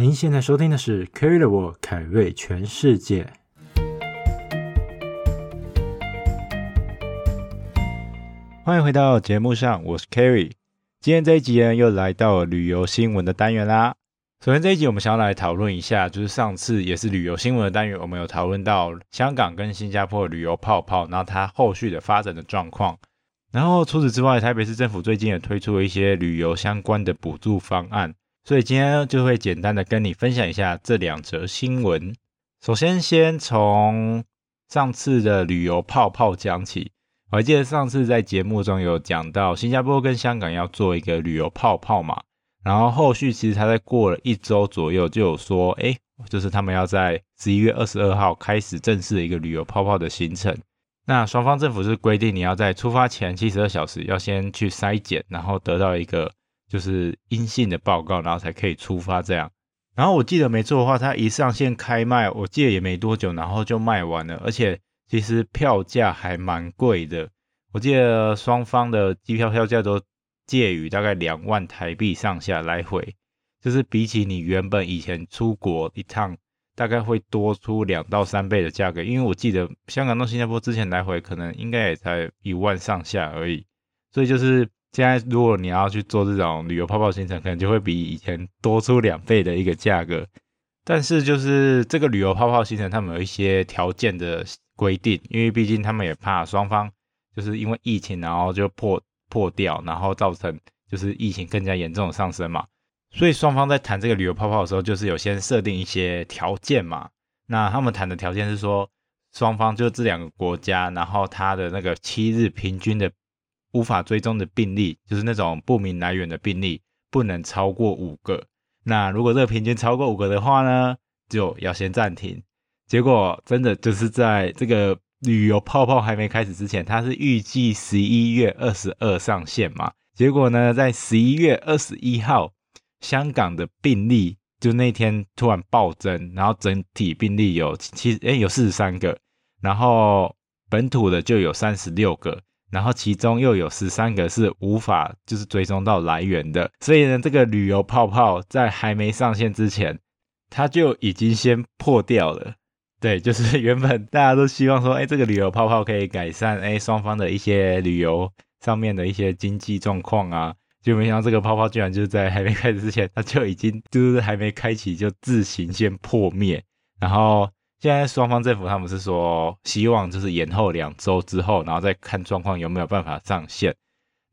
您現在收聽的是《Kerry the World》凱瑞全世界，歡迎回到節目上，我是 Kerry。今天這一集呢，又來到旅遊新聞的單元啦。首先這一集我們想要來討論一下，就是上次也是旅遊新聞的單元，我們有討論到香港跟新加坡旅遊泡泡，然後它後續的發展的狀況。然後除此之外，台北市政府最近也推出了一些旅遊相關的補助方案。所以今天就會簡單的跟你分享一下這兩則新聞。首先，先從上次的旅遊泡泡講起。我還記得上次在節目中有講到新加坡跟香港要做一個旅遊泡泡嘛，然後後續其實他在過了一周左右就有說，誒，就是他們要在十一月二十二號開始正式的一個旅遊泡泡的行程。那雙方政府是規定你要在出發前七十二小時要先去篩檢，然後得到一個。就是陰性的報告，然後才可以出發這樣。然後我記得沒錯的話，它一上線開賣，我記得也沒多久，然後就賣完了。而且其實票價還蠻貴的，我記得雙方的機票票價都介於大概兩萬台幣上下來回。就是比起你原本以前出國一趟，大概會多出兩到三倍的價格。因為我記得香港到新加坡之前來回可能應該也才一萬上下而已，所以就是。現在如果你要去做這種旅遊泡泡行程，可能就會比以前多出兩倍的一個價格。但是就是這個旅遊泡泡行程，他們有一些條件的規定，因為畢竟他們也怕雙方就是因為疫情，然後就破破掉，然後造成就是疫情更加嚴重的上升嘛。所以雙方在談這個旅遊泡泡的時候，就是有先設定一些條件嘛。那他們談的條件是說，雙方就這兩個國家，然後它的那個七日平均的。無法追蹤的病例，就是那種不明來源的病例，不能超過五個。那如果這個平均超過五個的話呢，就要先暫停。結果真的就是在這個旅遊泡泡還沒開始之前，它是預計十一月二十二上線嘛，結果呢，在十一月二十一號，香港的病例就那天突然暴增，然後整體病例有七哎有四十三個，然後本土的就有三十六個。然後其中又有十三個是無法就是追蹤到來源的，所以呢，這個旅遊泡泡在還沒上線之前，它就已經先破掉了。對，就是原本大家都希望說，哎、欸，這個旅遊泡泡可以改善哎、欸，雙方的一些旅遊上面的一些經濟狀況啊，就沒想到這個泡泡居然就在還沒開始之前，它就已經就是還沒開啟就自行先破滅，然後。現在雙方政府他們是說希望就是延後兩周之後，然後再看狀況有沒有辦法上線。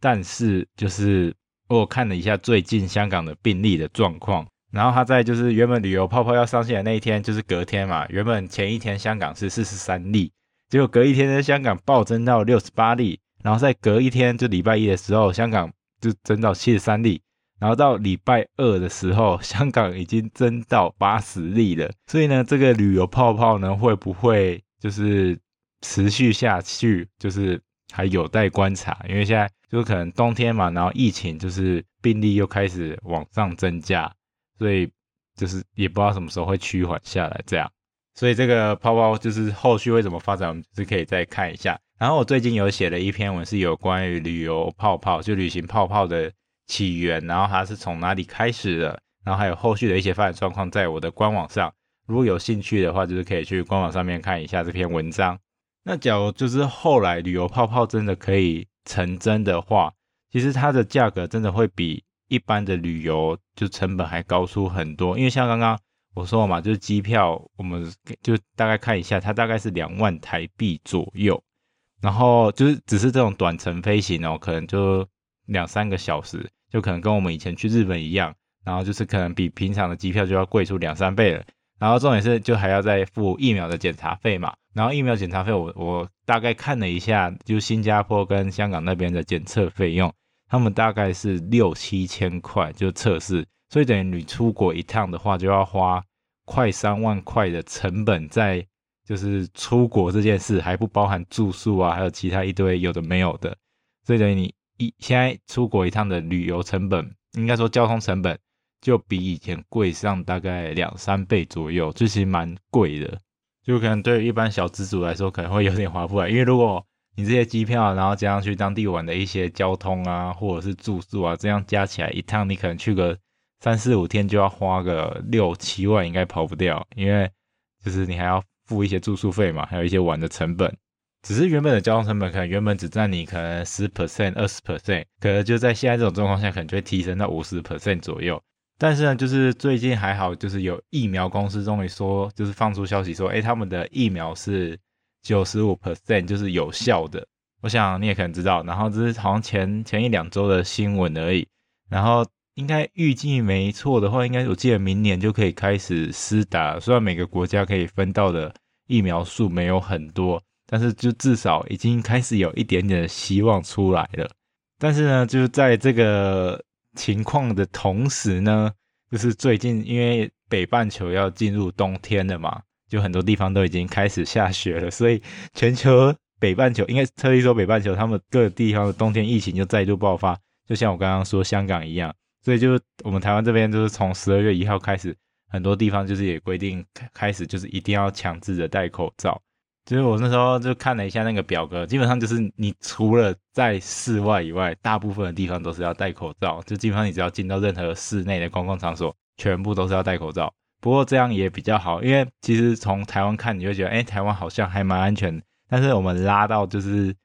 但是就是我看了一下最近香港的病例的狀況，然後他在就是原本旅遊泡泡要上線的那一天，就是隔天嘛，原本前一天香港是四十三例，結果隔一天在香港暴增到六十八例，然後再隔一天就禮拜一的時候，香港就增到七十三例。然後到禮拜二的時候，香港已經增到八十例了。所以呢，這個旅遊泡泡呢，會不會就是持續下去？就是還有待觀察。因為現在就是可能冬天嘛，然後疫情就是病例又開始往上增加，所以就是也不知道什麼時候會趨緩下來這樣。所以這個泡泡就是後續會怎麼發展，我們就是可以再看一下。然後我最近有寫了一篇文，是有關於旅遊泡泡，就旅行泡泡的，起源，然後它是從哪裡開始的，然後還有後續的一些發展狀況，在我的官網上，如果有興趣的話，就是可以去官網上面看一下這篇文章。那假如就是後來旅遊泡泡真的可以成真的話，其實它的價格真的會比一般的旅遊就成本還高出很多，因為像剛剛我說了嘛，就是機票，我們就大概看一下，它大概是兩萬台幣左右，然後就是只是這種短程飛行哦，可能就。兩三個小時就可能跟我們以前去日本一樣，然後就是可能比平常的機票就要貴出兩三倍了。然後重點是就還要再付疫苗的檢查費嘛。然後疫苗檢查費，我我大概看了一下，就是新加坡跟香港那邊的檢測費用，他們大概是六七千塊就測試。所以等於你出國一趟的話，就要花快三萬塊的成本在就是出國這件事，還不包含住宿啊，還有其他一堆有的沒有的。所以等於你。一現在出國一趟的旅遊成本，應該說交通成本就比以前貴上大概兩三倍左右，就其實蠻貴的。就可能對於一般小資族來說，可能會有點划不來。因為如果你這些機票，然後加上去當地玩的一些交通啊，或者是住宿啊，這樣加起來一趟，你可能去個三四五天就要花個六七萬，應該跑不掉。因為就是你還要付一些住宿費嘛，還有一些玩的成本。只是原本的交通成本可能原本只佔你可能十 percent 二十 percent，可能就在現在這種狀況下，可能就會提升到五十 percent 左右。但是呢，就是最近還好，就是有疫苗公司終於說，就是放出消息說，哎、欸，他們的疫苗是九十五 percent 就是有效的。我想你也可能知道，然後這是好像前前一兩周的新聞而已。然後應該預計沒錯的話，應該我記得明年就可以開始施打。雖然每個國家可以分到的疫苗數沒有很多。但是，就至少已經開始有一點點的希望出來了。但是呢，就是在這個情況的同時呢，就是最近因為北半球要進入冬天了嘛，就很多地方都已經開始下雪了。所以，全球北半球應該特意說北半球，他們各地方的冬天疫情就再度爆發，就像我剛剛說香港一樣。所以，就是我們台灣這邊，就是從十二月一號開始，很多地方就是也規定開始就是一定要強制的戴口罩。就是我那時候就看了一下那個表格，基本上就是你除了在室外以外，大部分的地方都是要戴口罩。就基本上你只要進到任何室內的公共場所，全部都是要戴口罩。不過這樣也比較好，因為其實從台灣看，你會覺得，誒、欸、台灣好像還蠻安全。但是我們拉到就是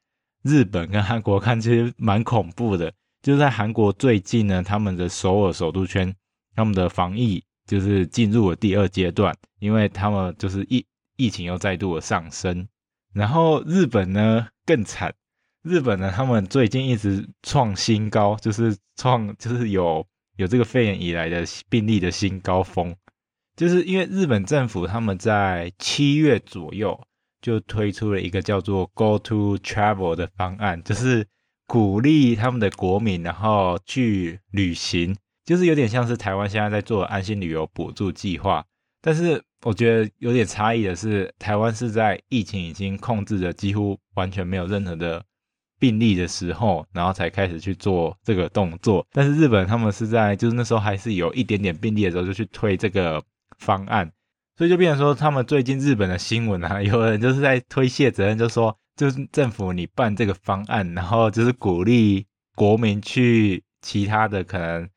日本跟韓國看，其實蠻恐怖的。就在韓國最近呢，他們的首爾首都圈，他們的防疫就是進入了第二階段，因為他們就是一。疫情又再度的上升，然後日本呢更慘。日本呢，他們最近一直創新高，就是創就是有有這個肺炎以來的病例的新高峰。就是因為日本政府他們在七月左右就推出了一個叫做 “Go to Travel” 的方案，就是鼓勵他們的國民然後去旅行，就是有點像是台灣現在在做安心旅遊補助計劃，但是。我覺得有點差異的是，台灣是在疫情已經控制着幾乎完全沒有任何的病例的時候，然後才開始去做這個動作。但是日本他們是在就是那時候還是有一點點病例的時候，就去推這個方案，所以就變成說，他們最近日本的新聞啊，有人就是在推卸責任，就說就是政府你辦這個方案，然後就是鼓勵國民去其他的可能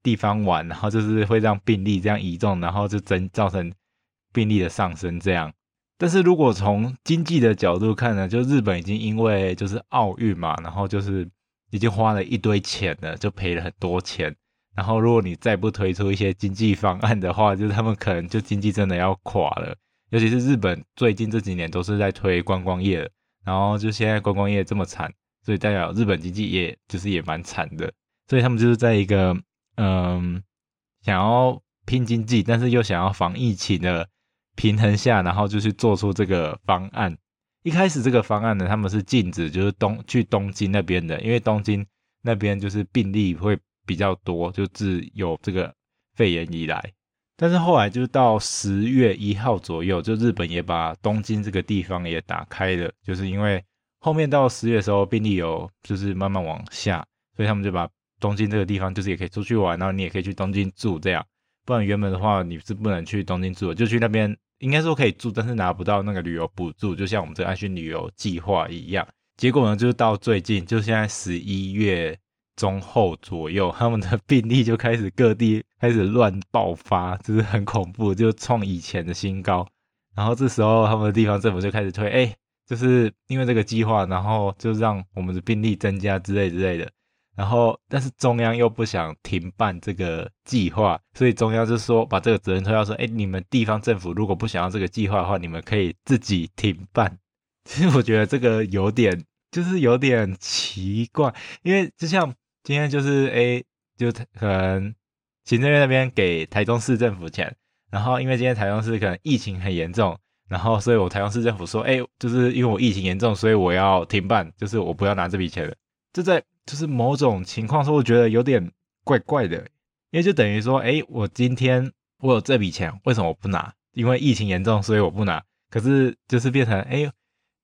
地方玩，然後就是會讓病例這樣移動，然後就真造成。病例的上升，這樣。但是如果從經濟的角度看呢，就日本已經因為就是奧運嘛，然後就是已經花了一堆錢了，就賠了很多錢。然後如果你再不推出一些經濟方案的話，就他們可能就經濟真的要垮了。尤其是日本最近這幾年都是在推觀光業了，然後就現在觀光業這麼慘，所以代表日本經濟也就是也蠻慘的。所以他們就是在一個嗯、呃，想要拼經濟，但是又想要防疫情的，平衡下，然後就去做出這個方案。一開始這個方案呢，他們是禁止就是東去東京那邊的，因為東京那邊就是病例會比較多，就自有這個肺炎以來。但是後來就到十月一號左右，就日本也把東京這個地方也打開了，就是因為後面到十月的時候病例有就是慢慢往下，所以他們就把東京這個地方就是也可以出去玩，然後你也可以去東京住這樣。不然原本的話你是不能去東京住的，就去那邊。應該說可以住，但是拿不到那個旅遊補助，就像我們這個安心旅遊計劃一樣。結果呢，就是到最近，就現在十一月中後左右，他們的病例就開始各地開始亂爆發，就是很恐怖，就創以前的新高。然後這時候，他們的地方政府就開始推，哎、欸，就是因為這個計劃，然後就讓我們的病例增加之類之類的。然後，但是中央又不想停辦這個計劃，所以中央就說把這個責任推到說：“哎，你們地方政府如果不想要這個計劃的話，你們可以自己停辦。”其實我覺得這個有點，就是有點奇怪，因為就像今天就是，哎，就可能行政院那邊給台中市政府錢，然後因為今天台中市可能疫情很嚴重，然後所以我台中市政府說：“哎，就是因為我疫情嚴重，所以我要停辦，就是我不要拿這筆錢了。”就在就是某種情況說，我覺得有點怪怪的，因為就等於說，哎，我今天我有這筆錢，為什麼我不拿？因為疫情嚴重，所以我不拿。可是就是變成，哎，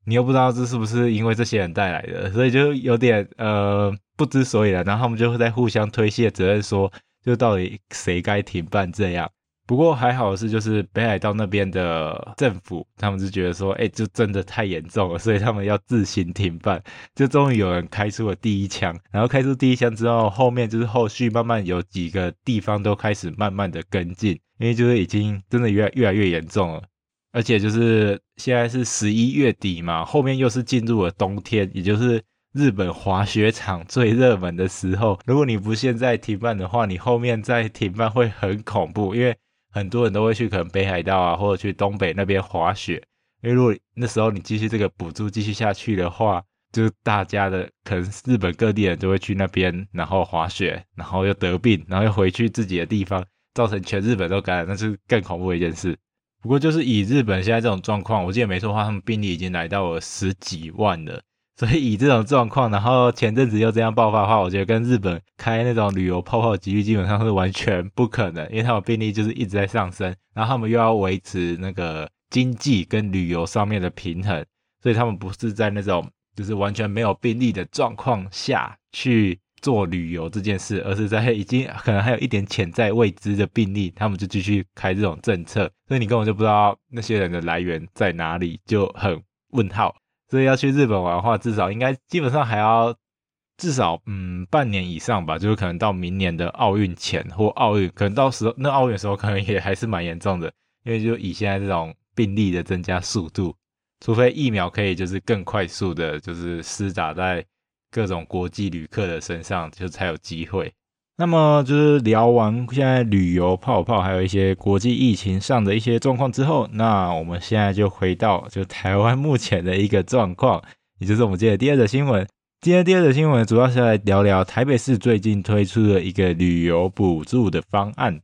你又不知道這是不是因為這些人帶來的，所以就有點呃不知所以了。然後他們就會在互相推卸責任說，說就到底誰該停辦這樣。不過還好的是，就是北海道那邊的政府，他們就覺得說，哎、欸，就真的太嚴重了，所以他們要自行停辦。就終於有人開出了第一槍，然後開出第一槍之後，後面就是後續慢慢有幾個地方都開始慢慢的跟進，因為就是已經真的越來越來越嚴重了，而且就是現在是十一月底嘛，後面又是進入了冬天，也就是日本滑雪場最熱門的時候。如果你不現在停辦的話，你後面再停辦會很恐怖，因為。很多人都會去可能北海道啊，或者去東北那邊滑雪，因為如果那時候你繼續這個補助繼續下去的話，就是大家的可能日本各地人都會去那邊然後滑雪，然後又得病，然後又回去自己的地方，造成全日本都感染，那是更恐怖的一件事。不過就是以日本現在這種狀況，我記得沒錯的話，他們病例已經來到了十幾萬了。所以以這種狀況，然後前陣子又這樣爆發的話，我覺得跟日本開那種旅遊泡泡的機率基本上是完全不可能，因為他們病例就是一直在上升，然後他們又要維持那個經濟跟旅遊上面的平衡，所以他們不是在那種就是完全沒有病例的狀況下去做旅遊這件事，而是在已經可能還有一點潛在未知的病例，他們就繼續開這種政策，所以你根本就不知道那些人的來源在哪裡，就很問號。所以要去日本玩的話，至少應該基本上還要至少嗯半年以上吧，就是可能到明年的奧運前或奧運，可能到時候，那奧運的時候可能也還是蠻嚴重的，因為就以現在這種病例的增加速度，除非疫苗可以就是更快速的，就是施打在各種國際旅客的身上，就才有機會。那麼就是聊完現在旅遊泡泡，還有一些國際疫情上的一些狀況之後，那我們現在就回到就台灣目前的一個狀況，也就是我們今天的第二則新聞。今天的第二則新聞主要是來聊聊台北市最近推出的一個旅遊補助的方案。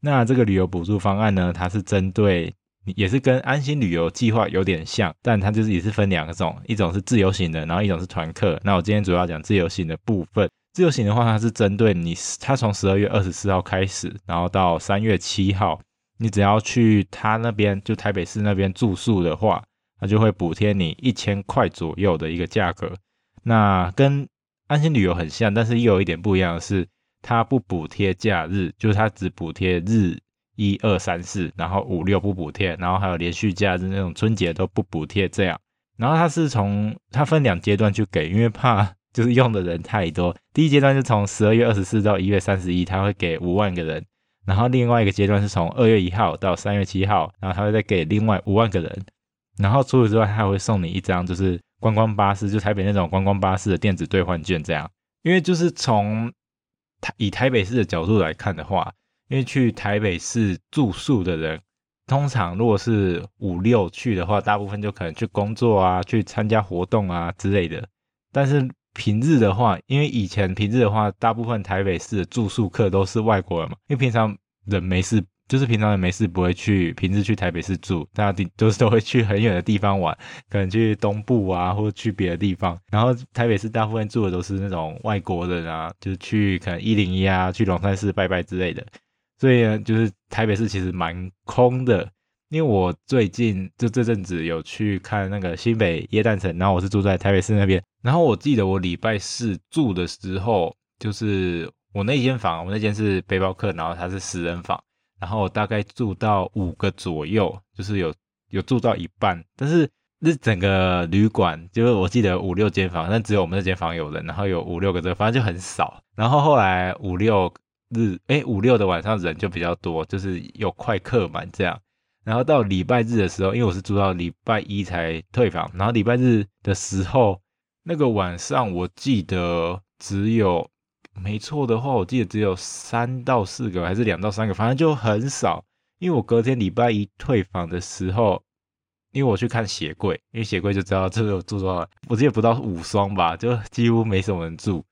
那這個旅遊補助方案呢，它是針對也是跟安心旅遊計劃有點像，但它就是也是分兩種，一種是自由行的，然後一種是團客。那我今天主要講自由行的部分。自由行的話，它是針對你，它從十二月二十四號開始，然後到三月七號，你只要去它那邊，就台北市那邊住宿的話，它就會補貼你一千塊左右的一個價格。那跟安心旅遊很像，但是又有一點不一樣的是，是它不補貼假日，就是它只補貼日一二三四，然後五六不補貼，然後還有連續假日那種春節都不補貼這樣。然後它是從它分兩階段去給，因為怕。就是用的人太多，第一階段是從十二月二十四到一月三十一，他會給五萬個人，然後另外一個階段是從二月一號到三月七號，然後他會再給另外五萬個人，然後除此之外，他還會送你一張就是觀光巴士，就台北那種觀光巴士的電子兌換券這樣，因為就是從台以台北市的角度來看的話，因為去台北市住宿的人，通常如果是五六去的話，大部分就可能去工作啊，去參加活動啊之類的，但是。平日的話，因為以前平日的話，大部分台北市的住宿客都是外國人嘛。因為平常人沒事，就是平常人沒事不會去平日去台北市住，大家都是都會去很遠的地方玩，可能去東部啊，或者去別的地方。然後台北市大部分住的都是那種外國人啊，就是去可能一零一啊，去龍山寺拜拜之類的。所以呢，就是台北市其實蠻空的。因為我最近就這陣子有去看那個新北耶誕城，然後我是住在台北市那邊，然後我記得我禮拜四住的時候，就是我那間房，我那間是背包客，然後它是十人房，然後我大概住到五個左右，就是有有住到一半，但是那整個旅館就是我記得五六間房，但只有我們那間房有人，然後有五六個這個房，反正就很少。然後後來五六日，哎五六的晚上人就比較多，就是有快客滿，這樣。然後到禮拜日的時候，因為我是住到禮拜一才退房，然後禮拜日的時候，那個晚上我記得只有沒錯的話，我記得只有三到四個還是兩到三個，反正就很少。因為我隔天禮拜一退房的時候，因為我去看鞋櫃，因為鞋櫃就知道這個我住到了，我記得不到五雙吧，就幾乎沒什麼人住，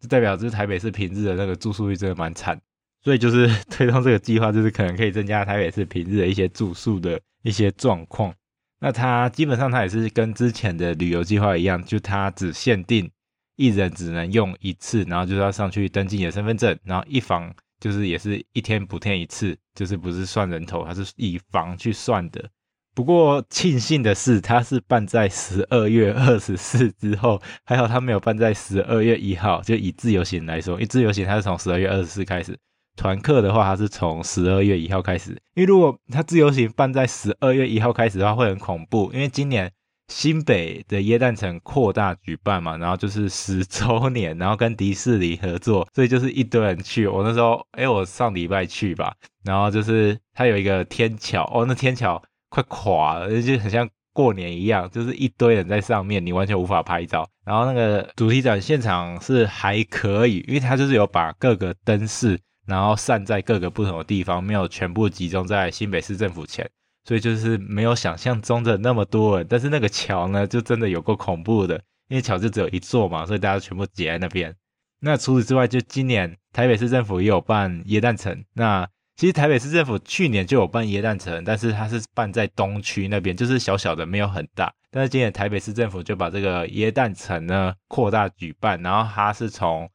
就代表就是台北市平日的那個住宿率真的蠻慘的。所以就是推動這個計劃，就是可能可以增加台北市平日的一些住宿的一些狀況。那它基本上它也是跟之前的旅遊計劃一樣，就它只限定一人只能用一次，然後就是要上去登記你的身份證，然後一房就是也是一天補貼一次，就是不是算人頭，它是以房去算的。不過慶幸的是，它是辦在十二月二十四之後，還好它沒有辦在十二月一號。就以自由行來說，以自由行它是從十二月二十四開始。團客的話，它是從十二月一號開始，因為如果它自由行辦在十二月一號開始的話，會很恐怖。因為今年新北的耶誕城擴大舉辦嘛，然後就是十周年，然後跟迪士尼合作，所以就是一堆人去。我那時候，哎、欸，我上禮拜去吧，然後就是它有一個天橋，哦，那天橋快垮了，就很像過年一樣，就是一堆人在上面，你完全無法拍照。然後那個主題展現場是還可以，因為它就是有把各個燈飾。然後散在各個不同的地方，沒有全部集中在新北市政府前，所以就是沒有想象中的那麼多人。但是那個橋呢，就真的有夠恐怖的，因為橋就只有一座嘛，所以大家全部擠在那邊。那除此之外，就今年台北市政府也有辦耶誕城。那其實台北市政府去年就有辦耶誕城，但是它是辦在東區那邊，就是小小的，沒有很大。但是今年台北市政府就把這個耶誕城呢擴大舉辦，然後它是從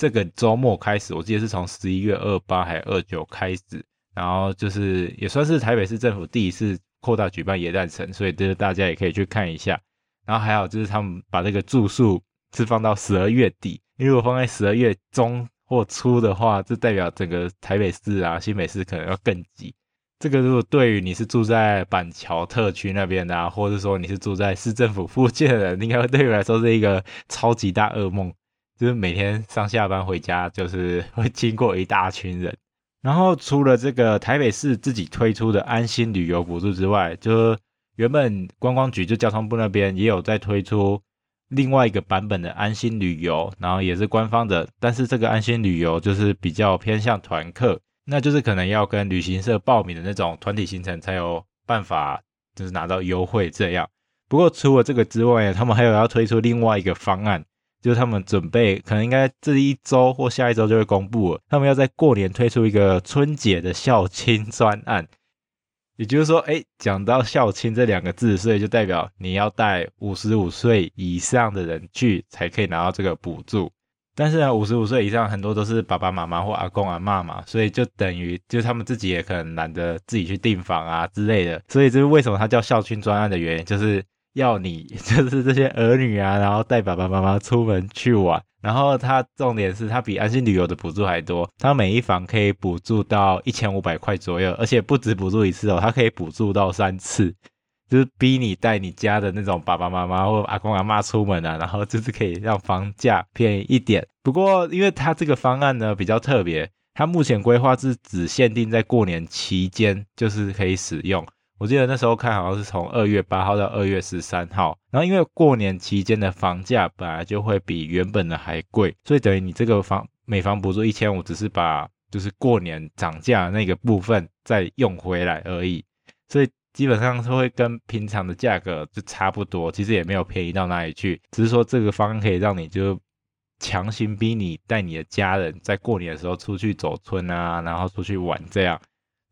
這個周末開始，我記得是從十一月二八還二九開始，然後就是也算是台北市政府第一次擴大舉辦耶誕城，所以這個大家也可以去看一下。然後還好就是他們把這個住宿是放到十二月底，如果放在十二月中或初的話，這代表整個台北市啊、新北市可能要更擠。這個如果對於你是住在板橋特區那邊的、啊，或者說你是住在市政府附近的人，應該會對你來說是一個超級大噩夢。就是每天上下班回家，就是會經過一大群人。然後除了這個台北市自己推出的安心旅遊補助之外，就是原本觀光局就交通部那邊也有在推出另外一個版本的安心旅遊，然後也是官方的。但是這個安心旅遊就是比較偏向團客，那就是可能要跟旅行社報名的那種團體行程才有辦法，就是拿到優惠這樣。不過除了這個之外呢，他們還有要推出另外一個方案。就是他們準備，可能應該這一周或下一周就會公布了。他們要在過年推出一個春節的孝親專案，也就是說，誒、欸、講到孝親這兩個字，所以就代表你要帶五十五歲以上的人去，才可以拿到這個補助。但是呢，五十五歲以上很多都是爸爸媽媽或阿公阿媽嘛，所以就等於，就是他們自己也可能懶得自己去訂房啊之類的。所以這是為什麼它叫孝親專案的原因，就是。要你就是這些兒女啊，然後帶爸爸媽媽出門去玩。然後他重點是，他比安心旅遊的補助還多，他每一房可以補助到一千五百塊左右，而且不止補助一次哦，他可以補助到三次，就是逼你帶你家的那種爸爸媽媽或阿公阿嬤出門啊，然後就是可以讓房價便宜一點。不過，因為他這個方案呢比較特別，他目前規劃是只限定在過年期間，就是可以使用。我記得那時候看好像是從二月八號到二月十三號，然後因為過年期間的房價本來就會比原本的還貴，所以等於你這個房每房補助一千五，只是把就是過年漲價那個部分再用回來而已，所以基本上是會跟平常的價格就差不多，其實也沒有便宜到哪裡去，只是說這個方案可以讓你就強行逼你帶你的家人在過年的時候出去走春啊，然後出去玩這樣。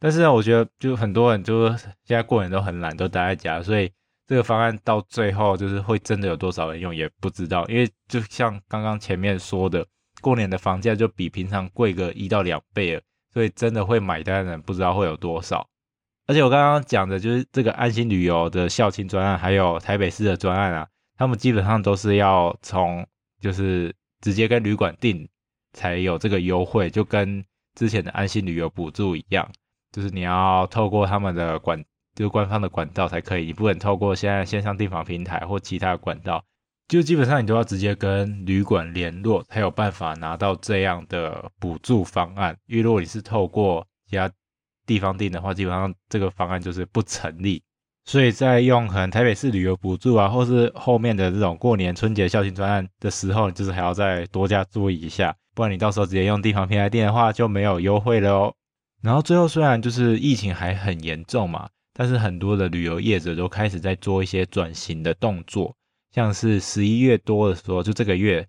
但是呢，我覺得就很多人就現在過年都很懶，都待在家，所以這個方案到最後就是會真的有多少人用也不知道，因為就像剛剛前面說的，過年的房價就比平常貴個一到兩倍了，所以真的會買單的人不知道會有多少。而且我剛剛講的就是這個安心旅遊的校慶專案，還有台北市的專案啊，他們基本上都是要從就是直接跟旅館訂才有這個優惠，就跟之前的安心旅遊補助一樣。就是你要透過他們的管，就是官方的管道才可以，你不能透過現在線上訂房平台或其他的管道，就基本上你都要直接跟旅館聯絡才有辦法拿到這樣的補助方案。因為如果你是透過其他地方訂的話，基本上這個方案就是不成立。所以在用可能台北市旅遊補助啊，或是後面的這種過年春節孝心專案的時候，你就是還要再多加注意一下，不然你到時候直接用訂房平台訂的話就沒有優惠了哦。然後最後，雖然就是疫情還很嚴重嘛，但是很多的旅遊業者都開始在做一些轉型的動作，像是十一月多的時候，就這個月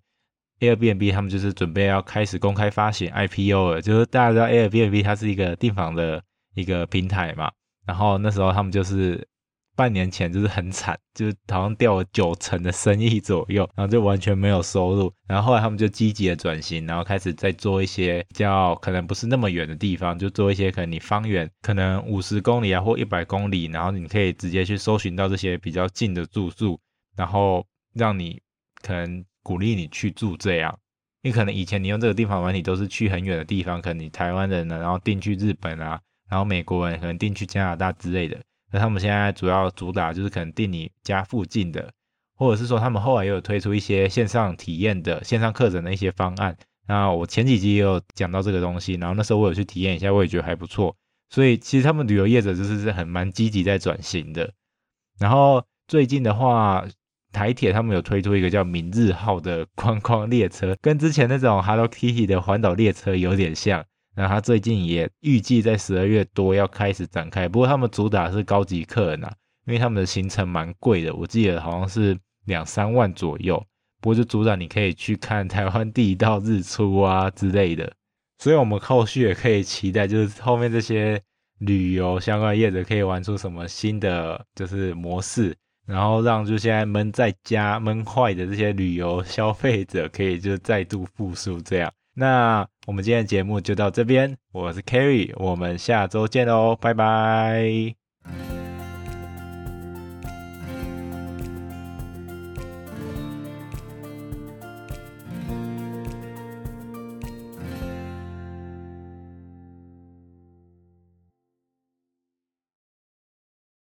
，Airbnb 他們就是準備要開始公開發行 IPO 了，就是大家知道 Airbnb 它是一個訂房的一個平台嘛，然後那時候他們就是。半年前就是很慘，就是好像掉了九成的生意左右，然後就完全沒有收入。然後後來他們就積極的轉型，然後開始在做一些比較可能不是那麼遠的地方，就做一些可能你方圓可能五十公里啊或一百公里，然後你可以直接去搜尋到這些比較近的住宿，然後讓你可能鼓勵你去住這樣。因為可能以前你用這個地方玩，你都是去很遠的地方，可能你台灣人呢，然後定居日本啊，然後美國人可能定居加拿大之類的。那他們現在主要主打就是可能訂你家附近的，或者是說他們後來也有推出一些線上體驗的線上課程的一些方案。那我前幾集也有講到這個東西，然後那時候我有去體驗一下，我也覺得還不錯。所以其實他們旅遊業者就是是很蠻積極在轉型的。然後最近的話，台鐵他們有推出一個叫“明日號”的觀光列車，跟之前那種 Hello Kitty 的環島列車有點像。然後他最近也預計在十二月多要開始展開，不過他們主打是高級客人啊，因為他們的行程蠻貴的，我記得好像是兩三萬左右。不過就主打你可以去看台灣第一道日出啊之類的，所以我們後續也可以期待，就是後面這些旅遊相關業者可以玩出什麼新的就是模式，然後讓就現在悶在家悶壞的這些旅遊消費者可以就再度復甦這樣。那。我們今天的節目就到這邊，我是 Kerry，我們下周見嘍，拜拜。